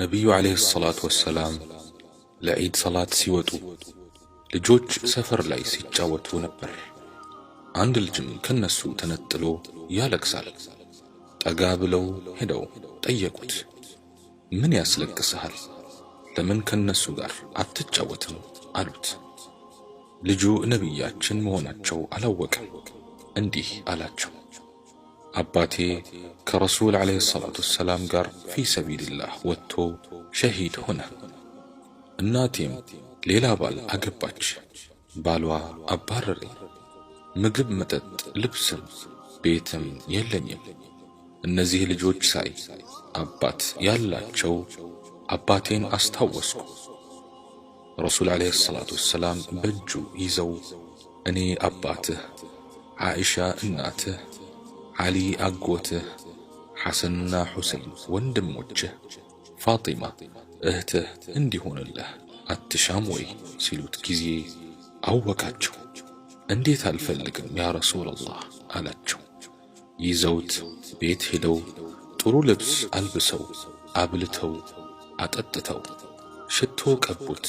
ነቢዩ ዓለይሂ ሰላቱ ወሰላም ለዒድ ሰላት ሲወጡ ልጆች ሰፈር ላይ ሲጫወቱ ነበር። አንድ ልጅም ከነሱ ተነጥሎ ያለቅሳል። ጠጋ ብለው ሄደው ጠየቁት፣ ምን ያስለቅስሃል? ለምን ከነሱ ጋር አትጫወትም? አሉት። ልጁ ነቢያችን መሆናቸው አላወቀም። እንዲህ አላቸው አባቴ ከረሱል ዓለይሂ ሰላቱ ወሰላም ጋር ፊ ሰቢልላህ ወጥቶ ሸሂድ ሆነ። እናቴም ሌላ ባል አገባች። ባሏ አባረረኝ። ምግብ፣ መጠጥ፣ ልብስም ቤትም የለኝም። እነዚህ ልጆች ሳይ አባት ያላቸው አባቴን አስታወስኩ። ረሱል ዓለይሂ ሰላቱ ወሰላም በእጁ ይዘው እኔ አባትህ፣ ዓኢሻ እናትህ አሊ አጎትህ፣ ሐሰንና ሑሴን ወንድሞችህ፣ ፋጢማ እህትህ እንዲሆንልህ አትሻም ወይ ሲሉት ጊዜ አወቃቸው እንዴት አልፈልግም ያ ረሱለላህ አላቸው። ይዘውት ቤት ሄደው ጥሩ ልብስ አልብሰው አብልተው አጠጥተው ሽቶ ቀቡት።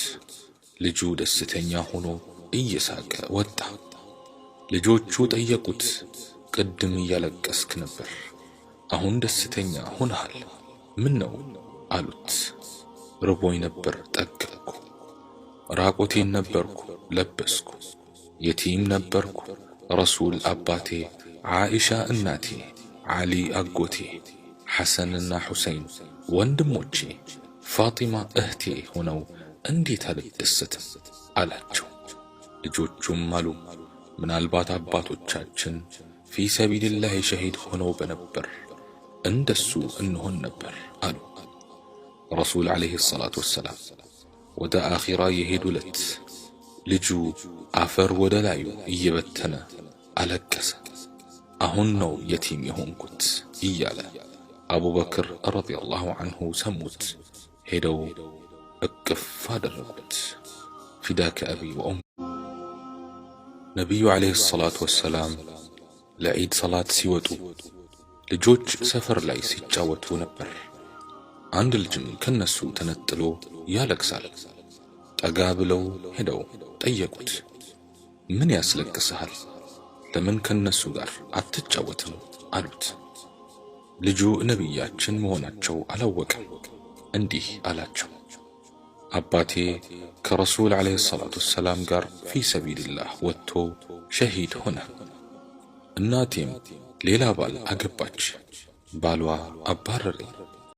ልጁ ደስተኛ ሆኖ እየሳቀ ወጣ። ልጆቹ ጠየቁት ቅድም እያለቀስክ ነበር፣ አሁን ደስተኛ ሆነሃል። ምን ነው አሉት። ርቦኝ ነበር ጠገብኩ፣ ራቆቴን ነበርኩ ለበስኩ፣ የቲም ነበርኩ። ረሱል አባቴ፣ ዓኢሻ እናቴ፣ ዓሊ አጎቴ፣ ሐሰንና ሑሰይን ወንድሞቼ፣ ፋጢማ እህቴ ሆነው እንዴት አልደሰትም አላቸው። ልጆቹም አሉ ምናልባት አባቶቻችን في سبيل الله شهيد خنو بنبر اندسوا انه النبر قالوا رسول عليه الصلاة والسلام ودا آخرا يهيد ولت لجو أفر ودلايو على الكسا أهنو يتيم يهونكت إيالا أبو بكر رضي الله عنه سموت هيدو أكف فدرقت فداك أبي وأم نبي عليه الصلاة والسلام ለዒድ ሰላት ሲወጡ ልጆች ሰፈር ላይ ሲጫወቱ ነበር። አንድ ልጅም ከነሱ ተነጥሎ ያለቅሳል። ጠጋ ብለው ሄደው ጠየቁት። ምን ያስለቅስሃል? ለምን ከነሱ ጋር አትጫወትም? አሉት። ልጁ ነቢያችን መሆናቸው አላወቀም። እንዲህ አላቸው፣ አባቴ ከረሱል ዓለይሂ ሰላቱ ወሰላም ጋር ፊ ሰቢልላህ ወጥቶ ሸሂድ ሆነ። እናቴም ሌላ ባል አገባች፣ ባሏ አባረረኝ።